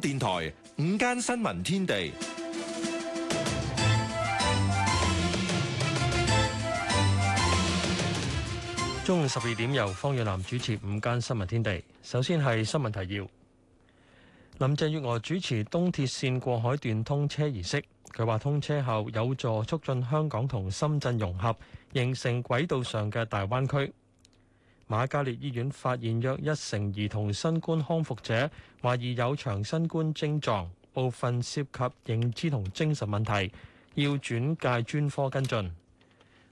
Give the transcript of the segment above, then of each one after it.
電台午間新聞天地，中午十二點由方遠南主持午間新聞天地。首先係新聞提要，林鄭月娥主持東鐵綫過海段通車儀式，佢話通車後有助促進香港同深圳融合，形成軌道上嘅大灣區。馬瑪嘉烈醫院發現約一成兒童新冠康復者懷疑有長新冠症狀，部分涉及認知同精神問題，要轉介專科跟進。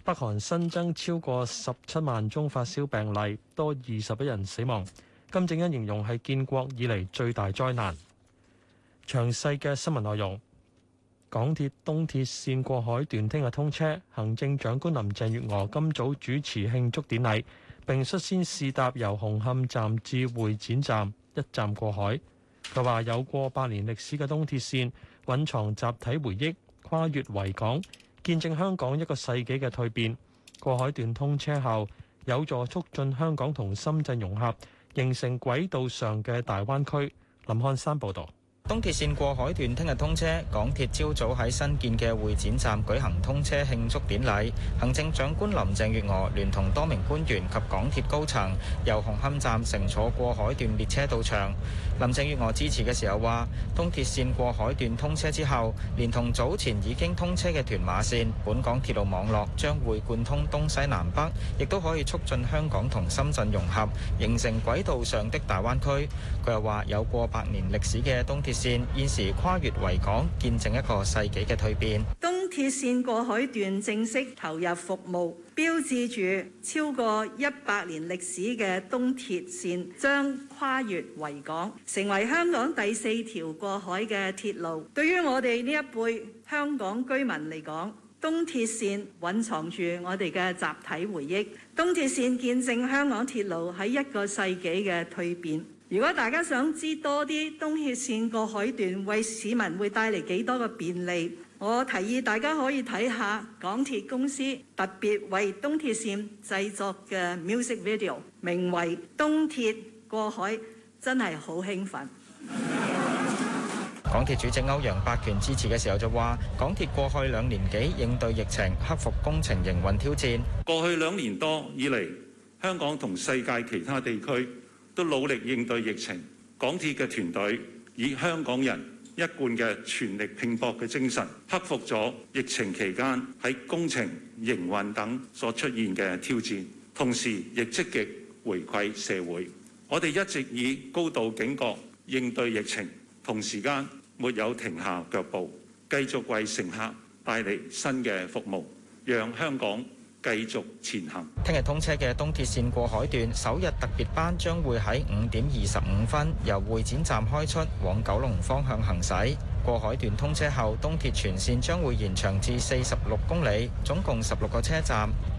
北韓新增超過十七萬宗發燒病例，多二十一人死亡。金正恩形容係建國以嚟最大災難。詳細嘅新聞內容，港鐵東鐵線過海段聽日通車，行政長官林鄭月娥今早主持慶祝典禮。並率先試搭由紅磡站至會展站一站過海。佢話：有過百年歷史嘅東鐵線，蘊藏集體回憶，跨越維港，見證香港一個世紀嘅蛻變。過海段通車後，有助促進香港同深圳融合，形成軌道上嘅大灣區。林漢山報導。東鐵線過海段聽日通車，港鐵朝早喺新建嘅會展站舉行通車慶祝典禮。行政長官林鄭月娥聯同多名官員及港鐵高層由紅磡站乘坐過海段列車到場。林鄭月娥致辭嘅時候話，東鐵線過海段通車之後，連同早前已經通車嘅屯馬線，本港鐵路網絡將會貫通東西南北，亦都可以促進香港同深圳融合，形成軌道上的大灣區。佢又話，有過百年歷史嘅東鐵。線現時跨越維港，見證一個世紀嘅蛻變。東鐵線過海段正式投入服務，標誌住超過一百年歷史嘅東鐵線將跨越維港，成為香港第四條過海嘅鐵路。對於我哋呢一輩香港居民嚟講，東鐵線蘊藏住我哋嘅集體回憶。東鐵線見證香港鐵路喺一個世紀嘅蛻變。如果大家想知多啲東鐵線過海段為市民會帶嚟幾多嘅便利，我提議大家可以睇下港鐵公司特別為東鐵線製作嘅 music video，名為《東鐵過海》，真係好興奮。港鐵主席歐陽伯權致辭嘅時候就話，港鐵過去兩年幾應對疫情、克服工程營運挑戰。過去兩年多以嚟，香港同世界其他地區，都努力應對疫情，港鐵嘅團隊以香港人一貫嘅全力拼搏嘅精神，克服咗疫情期間喺工程、營運等所出現嘅挑戰，同時亦積極回饋社會。我哋一直以高度警覺應對疫情，同時間沒有停下腳步，繼續為乘客帶嚟新嘅服務，讓香港。繼續前行。聽日通車嘅東鐵線過海段，首日特別班將會喺五點二十五分由會展站開出，往九龍方向行駛。過海段通車後，東鐵全線將會延長至四十六公里，總共十六個車站。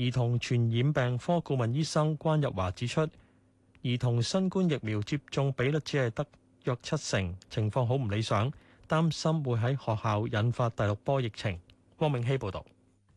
兒童傳染病科顧問醫生關日華指出，兒童新冠疫苗接種比率只係得約七成，情況好唔理想，擔心會喺學校引發第六波疫情。汪永熙報導。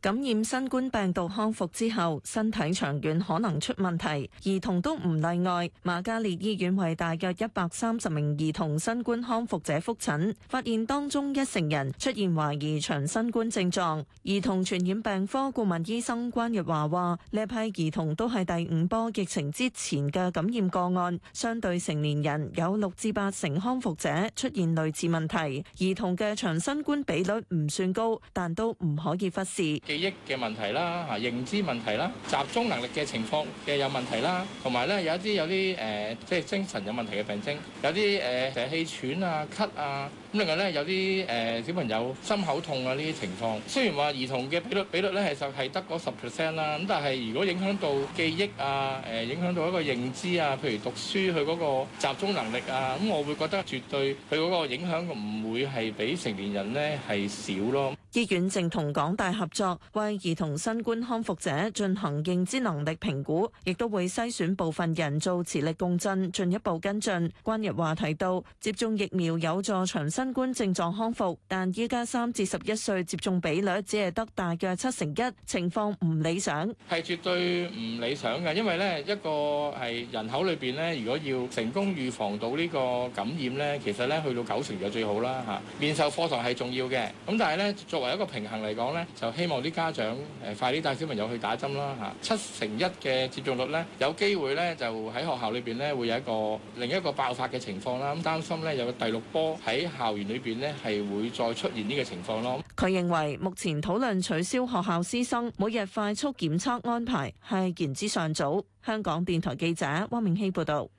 感染新冠病毒康復之後，身體長遠可能出問題，兒童都唔例外。馬嘉烈醫院為大約一百三十名兒童新冠康復者覆診，發現當中一成人出現懷疑長新冠症狀。兒童傳染病科顧問醫生關日華話，呢批兒童都係第五波疫情之前嘅感染個案，相對成年人有六至八成康復者出現類似問題。兒童嘅長新冠比率唔算高，但都唔可以忽視。記憶嘅問題啦，嚇認知問題啦，集中能力嘅情況嘅有問題啦，同埋咧有一啲有啲誒、呃，即係精神有問題嘅病徵，有啲誒，呃、氣喘啊，咳啊。咁另外咧，有啲誒小朋友心口痛啊，呢啲情況雖然話兒童嘅比率比率，咧其實係得嗰十 percent 啦，咁但係如果影響到記憶啊、誒影響到一個認知啊，譬如讀書佢嗰個集中能力啊，咁我會覺得絕對佢嗰個影響唔會係比成年人咧係少咯。醫院正同港大合作，為兒童新冠康復者進行認知能力評估，亦都會篩選部分人做磁力共振，進一步跟進。關日華提到，接種疫苗有助長生。新冠症狀康復，但依家，三至十一歲接種比率只係得大約七成一，情況唔理想，係絕對唔理想嘅。因為咧一個係人口裏邊咧，如果要成功預防到呢個感染咧，其實咧去到九成就最好啦，吓。面授課堂係重要嘅，咁但係咧作為一個平衡嚟講咧，就希望啲家長誒快啲帶小朋友去打針啦，吓。七成一嘅接種率咧，有機會咧就喺學校裏邊咧會有一個另一個爆發嘅情況啦。咁擔心咧有個第六波喺校。園裏邊咧係會再出現呢個情況咯。佢認為目前討論取消學校師生每日快速檢測安排係言之尚早。香港電台記者汪明熙報導。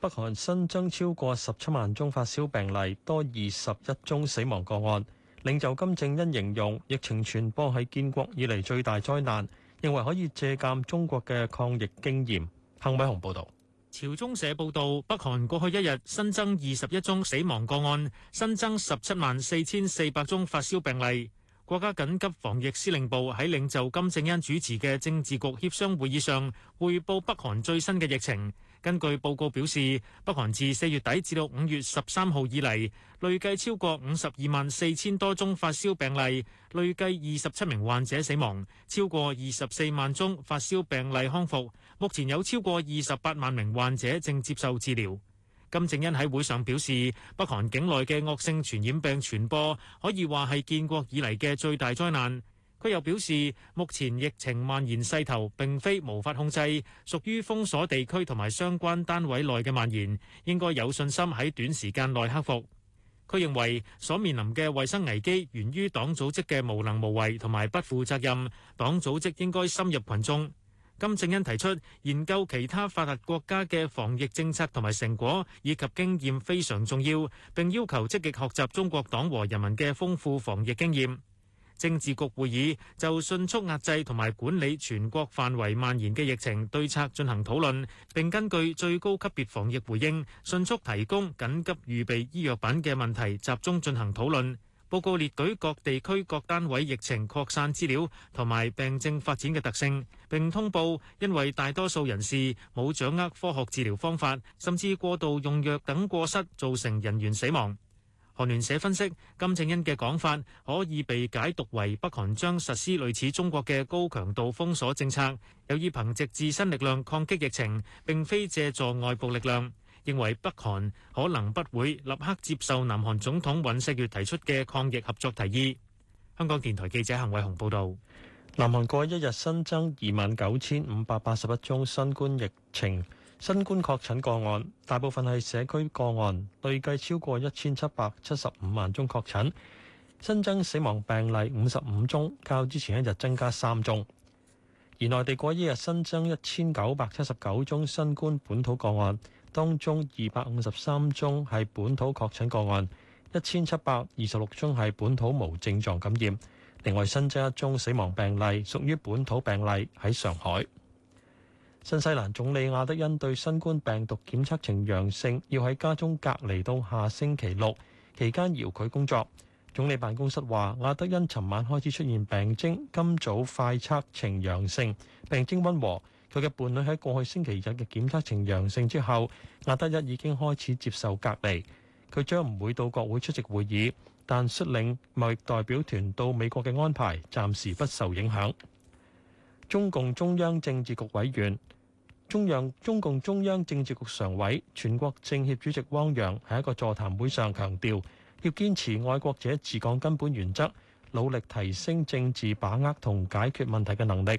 北韓新增超過十七萬宗發燒病例，多二十一宗死亡個案。領袖金正恩形容疫情傳播喺建國以嚟最大災難，認為可以借鑑中國嘅抗疫經驗。幸偉雄報導。朝中社報道，北韓過去一日新增二十一宗死亡個案，新增十七萬四千四百宗發燒病例。國家緊急防疫司令部喺領袖金正恩主持嘅政治局協商會議上，匯報北韓最新嘅疫情。根據報告表示，北韓自四月底至到五月十三號以嚟，累計超過五十二萬四千多宗發燒病例，累計二十七名患者死亡，超過二十四萬宗發燒病例康復。目前有超過二十八萬名患者正接受治療。金正恩喺會上表示，北韓境內嘅惡性傳染病傳播可以話係建國以嚟嘅最大災難。佢又表示，目前疫情蔓延勢頭並非無法控制，屬於封鎖地區同埋相關單位內嘅蔓延，應該有信心喺短時間內克服。佢認為所面臨嘅衛生危機源於黨組織嘅無能無為同埋不負責任，黨組織應該深入群眾。金正恩提出研究其他發達國家嘅防疫政策同埋成果以及經驗非常重要，並要求積極學習中國黨和人民嘅豐富防疫經驗。政治局會議就迅速壓制同埋管理全國範圍蔓延嘅疫情對策進行討論，並根據最高級別防疫回應，迅速提供緊急預備醫藥品嘅問題集中進行討論。報告列舉各地區各單位疫情擴散資料同埋病症發展嘅特性，並通報因為大多數人士冇掌握科學治療方法，甚至過度用藥等過失，造成人員死亡。韓聯社分析，金正恩嘅講法可以被解讀為北韓將實施類似中國嘅高強度封鎖政策，有意憑藉自身力量抗擊疫情，並非借助外部力量。認為北韓可能不會立刻接受南韓總統尹錫悅提出嘅抗疫合作提議。香港電台記者陳偉雄報導：南韓過一日新增二萬九千五百八十一宗新冠疫情，新冠確診個案，大部分係社區個案，累計超過一千七百七十五萬宗確診，新增死亡病例五十五宗，較之前一日增加三宗。而內地過一日新增一千九百七十九宗新冠本土個案。當中二百五十三宗係本土確診個案，一千七百二十六宗係本土無症狀感染。另外新增一宗死亡病例，屬於本土病例喺上海。新西蘭總理亞德恩對新冠病毒檢測呈陽性，要喺家中隔離到下星期六期間，遙佢工作。總理辦公室話，亞德恩尋晚開始出現病徵，今早快測呈陽性，病徵溫和。佢嘅伴侶喺過去星期日嘅檢測呈陽性之後，亞德一已經開始接受隔離。佢將唔會到國會出席會議，但率領貿易代表團到美國嘅安排暫時不受影響。中共中央政治局委員、中央中共中央政治局常委、全國政協主席汪洋喺一個座談會上強調，要堅持愛國者治港根本原則，努力提升政治把握同解決問題嘅能力。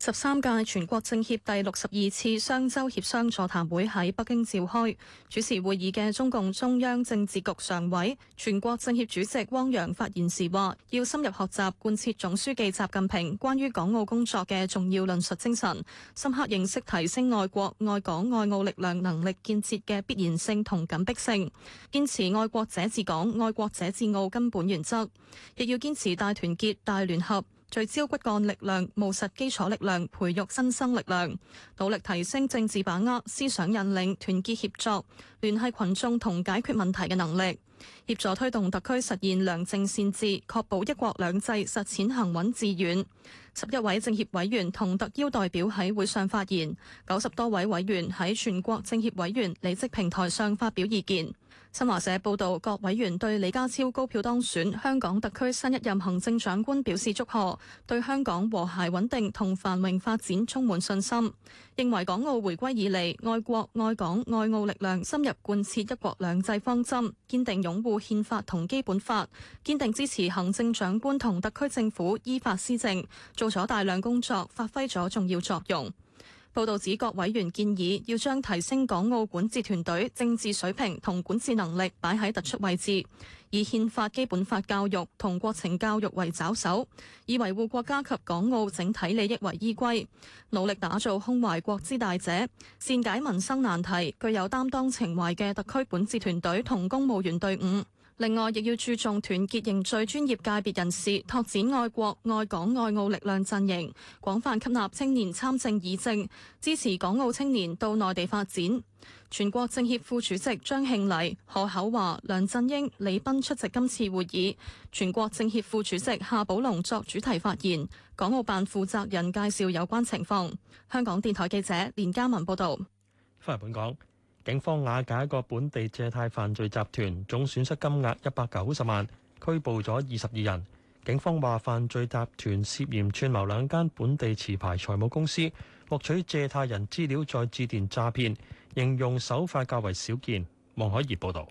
十三屆全國政協第六十二次雙周協商座談會喺北京召開，主持會議嘅中共中央政治局常委、全國政協主席汪洋發言時話：要深入學習貫徹總書記習近平關於港澳工作嘅重要論述精神，深刻認識提升愛國愛港愛澳力量能力建設嘅必然性同緊迫性，堅持愛國者治港、愛國者治澳根本原則，亦要堅持大團結、大聯合。聚焦骨幹力量，務實基礎力量，培育新生力量，努力提升政治把握、思想引領、團結協作、聯繫群眾同解決問題嘅能力，協助推動特區實現良政善治，確保一國兩制實踐行穩致遠。十一位政協委員同特邀代表喺會上發言，九十多位委員喺全國政協委員履職平台上發表意見。新華社報道，各委員對李家超高票當選香港特區新一任行政長官表示祝賀，對香港和諧穩定同繁榮發展充滿信心，認為港澳回歸以來，愛國、愛港、愛澳力量深入貫徹一國兩制方針，堅定擁護憲法同基本法，堅定支持行政長官同特區政府依法施政，做咗大量工作，發揮咗重要作用。報道指各委員建議要將提升港澳管治團隊政治水平同管治能力擺喺突出位置，以憲法、基本法教育同國情教育為抓手，以維護國家及港澳整體利益為依歸，努力打造胸懷國之大者、善解民生難題、具有擔當情懷嘅特區管治團隊同公務員隊伍。另外，亦要注重團結凝聚專業界別人士，拓展愛國愛港愛澳力量陣營，廣泛吸納青年參政議政，支持港澳青年到內地發展。全國政協副主席張慶黎、何厚華、梁振英、李斌出席今次會議，全國政協副主席夏寶龍作主題發言，港澳辦負責人介紹有關情況。香港電台記者連嘉文報道。翻嚟本港。警方瓦解一個本地借貸犯罪集團，總損失金額一百九十萬，拘捕咗二十二人。警方話犯罪集團涉嫌串謀兩間本地持牌財務公司，獲取借貸人資料，再致電詐騙，形容手法較為少見。黃海怡報道。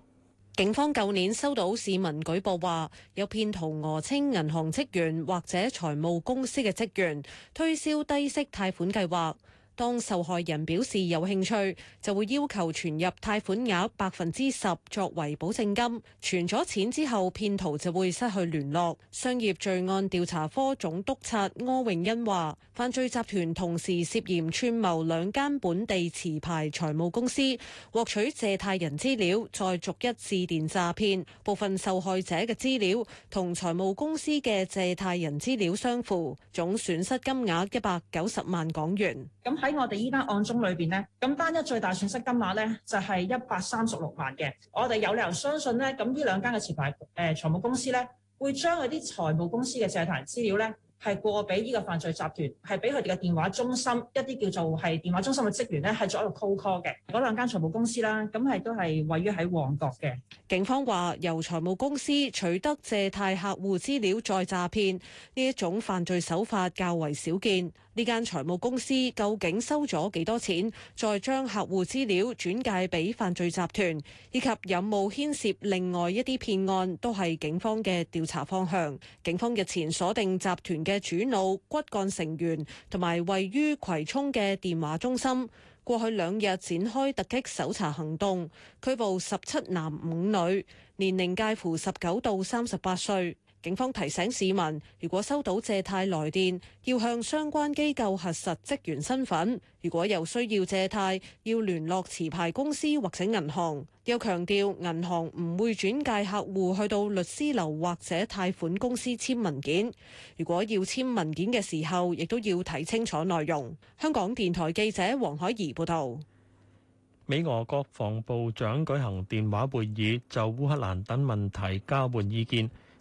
警方舊年收到市民舉報，話有騙徒訛稱銀行職員或者財務公司嘅職員推銷低息貸款計劃。當受害人表示有興趣，就會要求存入貸款額百分之十作為保證金。存咗錢之後，騙徒就會失去聯絡。商業罪案調查科總督察柯永恩話，犯罪集團同時涉嫌串謀兩間本地持牌財務公司，獲取借貸人資料，再逐一致電詐騙。部分受害者嘅資料同財務公司嘅借貸人資料相符，總損失金額一百九十萬港元。喺我哋依單案中裏邊咧，咁單一最大損失金額咧就係一百三十六萬嘅。我哋有理由相信咧，咁呢兩間嘅前排誒、呃、財務公司咧，會將嗰啲財務公司嘅借貸資料咧。係過俾呢個犯罪集團，係俾佢哋嘅電話中心一啲叫做係電話中心嘅職員呢，係做一個 cold call 嘅嗰兩間財務公司啦，咁係都係位於喺旺角嘅。警方話由財務公司取得借貸客戶資料再詐騙呢一種犯罪手法較為少見。呢間財務公司究竟收咗幾多錢，再將客戶資料轉介俾犯罪集團，以及有冇牽涉另外一啲騙案，都係警方嘅調查方向。警方日前鎖定集團。嘅主腦骨幹成員，同埋位於葵涌嘅電話中心，過去兩日展開突擊搜查行動，拘捕十七男五女，年齡介乎十九到三十八歲。警方提醒市民，如果收到借貸來電，要向相關機構核實職員身份。如果有需要借貸，要聯絡持牌公司或者銀行。又強調，銀行唔會轉介客戶去到律師樓或者貸款公司簽文件。如果要簽文件嘅時候，亦都要睇清楚內容。香港電台記者黃海怡報道。美俄國防部長舉行電話會議，就烏克蘭等問題交換意見。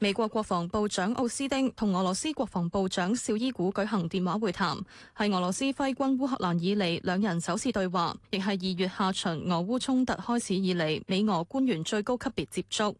美國國防部長奧斯丁同俄羅斯國防部長紹伊古舉行電話會談，係俄羅斯揮軍烏克蘭以嚟兩人首次對話，亦係二月下旬俄烏衝突開始以嚟美俄官員最高級別接觸。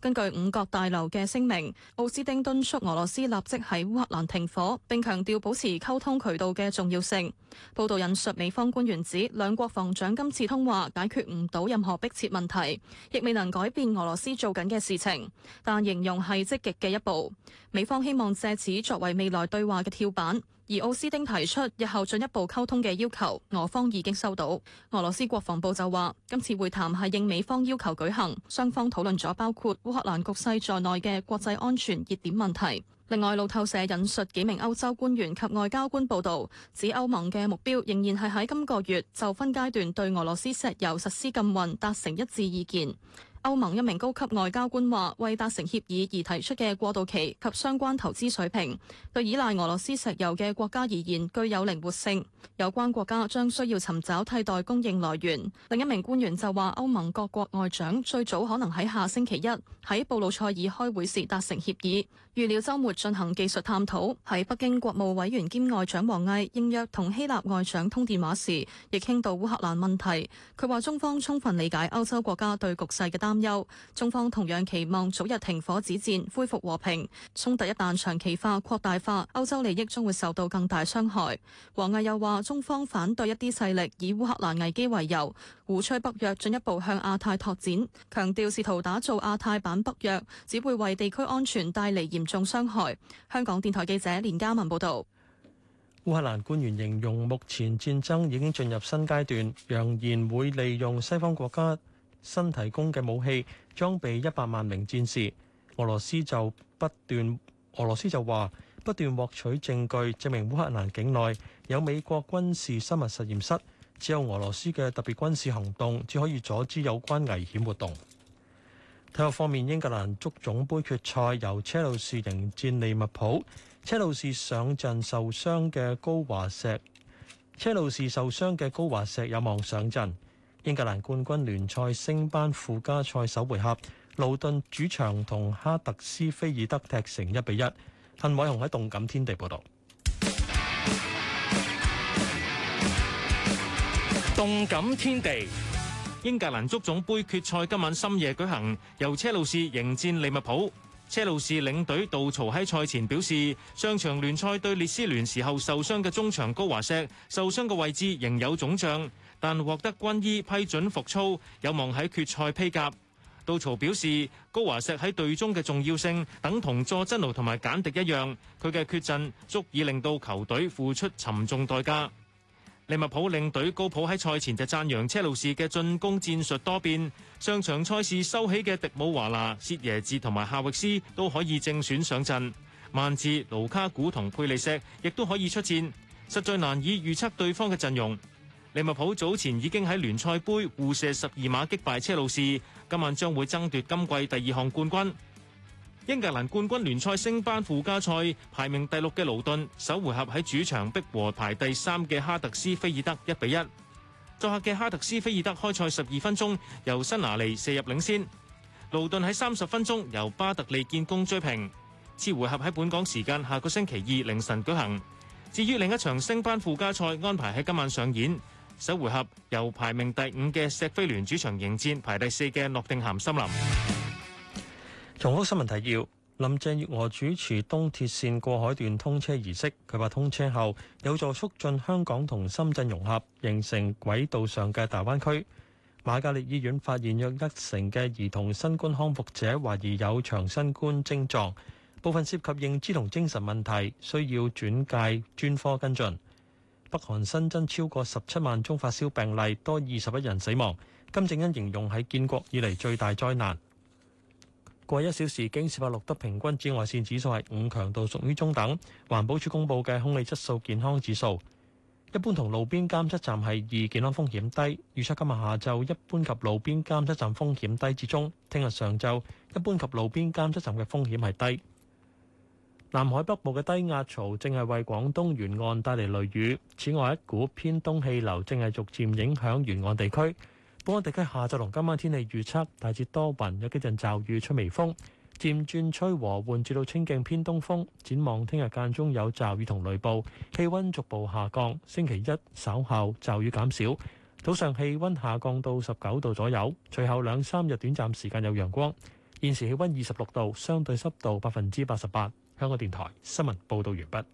根據五角大樓嘅聲明，奧斯丁敦促俄羅斯立即喺烏克蘭停火，並強調保持溝通渠道嘅重要性。報道引述美方官員指，兩國防長今次通話解決唔到任何迫切問題，亦未能改變俄羅斯做緊嘅事情，但形容係積極嘅一步。美方希望借此作為未來對話嘅跳板。而奧斯丁提出日後進一步溝通嘅要求，俄方已經收到。俄羅斯國防部就話，今次會談係應美方要求舉行，雙方討論咗包括烏克蘭局勢在內嘅國際安全熱點問題。另外，路透社引述幾名歐洲官員及外交官報道，指歐盟嘅目標仍然係喺今個月就分階段對俄羅斯石油實施禁運達成一致意見。歐盟一名高級外交官話：為達成協議而提出嘅過渡期及相關投資水平，對依賴俄羅斯石油嘅國家而言具有靈活性。有關國家將需要尋找替代供應來源。另一名官員就話：歐盟各國外長最早可能喺下星期一喺布魯塞爾開會時達成協議，預料週末進行技術探討。喺北京國務委員兼外長王毅應約同希臘外長通電話時，亦傾到烏克蘭問題。佢話：中方充分理解歐洲國家對局勢嘅擔憂，中方同樣期望早日停火止戰，恢復和平。衝突一旦長期化、擴大化，歐洲利益將會受到更大傷害。王毅又話，中方反對一啲勢力以烏克蘭危機為由，鼓吹北約進一步向亞太拓展，強調試圖打造亞太版北約，只會為地區安全帶嚟嚴重傷害。香港電台記者連家文報道。烏克蘭官員形容目前戰爭已經進入新階段，揚言會利用西方國家。新提供嘅武器裝備一百萬名戰士，俄羅斯就不斷，俄羅斯就話不斷獲取證據，證明烏克蘭境內有美國軍事生物實驗室，只有俄羅斯嘅特別軍事行動，只可以阻止有關危險活動。體育方面，英格蘭足總杯決賽由車路士迎戰利物浦，車路士上陣受傷嘅高華石，車路士受傷嘅高華石有望上陣。英格蘭冠軍聯賽升班附加賽首回合，盧頓主場同哈特斯菲爾德踢成一比一。鄧偉雄喺動感天地報道。動感天地，天地英格蘭足總杯決賽今晚深夜舉行，由車路士迎戰利物浦。車路士領隊杜曹喺賽前表示，上場聯賽對列斯聯時候受傷嘅中場高華石受傷嘅位置仍有腫脹，但獲得軍醫批准復操，有望喺決賽披甲。杜曹表示，高華石喺隊中嘅重要性等同佐真奴同埋簡迪一樣，佢嘅缺陣足以令到球隊付出沉重代價。利物浦領隊高普喺賽前就讚揚車路士嘅進攻戰術多變。上場賽事收起嘅迪姆華拿、薛耶治同埋夏域斯都可以正選上陣，萬治、盧卡古同佩利錫亦都可以出戰，實在難以預測對方嘅陣容。利物浦早前已經喺聯賽盃互射十二碼擊敗車路士，今晚將會爭奪今季第二項冠軍。英格蘭冠軍聯賽升班附加賽排名第六嘅勞頓，首回合喺主場逼和排第三嘅哈特斯菲爾德一比一。作客嘅哈特斯菲爾德開賽十二分鐘由辛拿利射入領先，勞頓喺三十分鐘由巴特利建功追平。次回合喺本港時間下個星期二凌晨舉行。至於另一場升班附加賽安排喺今晚上演，首回合由排名第五嘅錫菲聯主場迎戰排第四嘅諾定咸森林。重複新聞提要：林鄭月娥主持東鐵線過海段通車儀式，佢話通車後有助促進香港同深圳融合，形成軌道上嘅大灣區。瑪嘉烈醫院發現約一成嘅兒童新冠康復者懷疑有長新冠症狀，部分涉及認知同精神問題，需要轉介專科跟進。北韓新增超過十七萬宗發燒病例，多二十一人死亡。金正恩形容係建國以嚟最大災難。過一小時，京士柏錄得平均紫外線指數係五，強度屬於中等。環保署公布嘅空氣質素健康指數，一般同路邊監測站係二，健康風險低。預測今日下晝一般及路邊監測站風險低至中，聽日上晝一般及路邊監測站嘅風險係低。南海北部嘅低壓槽正係為廣東沿岸帶嚟雷雨，此外，一股偏東氣流正係逐漸影響沿岸地區。本港地區下晝同今晚天氣預測，大致多雲，有幾陣驟雨，吹微風，漸轉吹和緩至到清勁偏東風。展望聽日間中有驟雨同雷暴，氣温逐步下降。星期一稍後驟雨減少，早上氣温下降到十九度左右。隨後兩三日短暫時間有陽光。現時氣温二十六度，相對濕度百分之八十八。香港電台新聞報道完畢。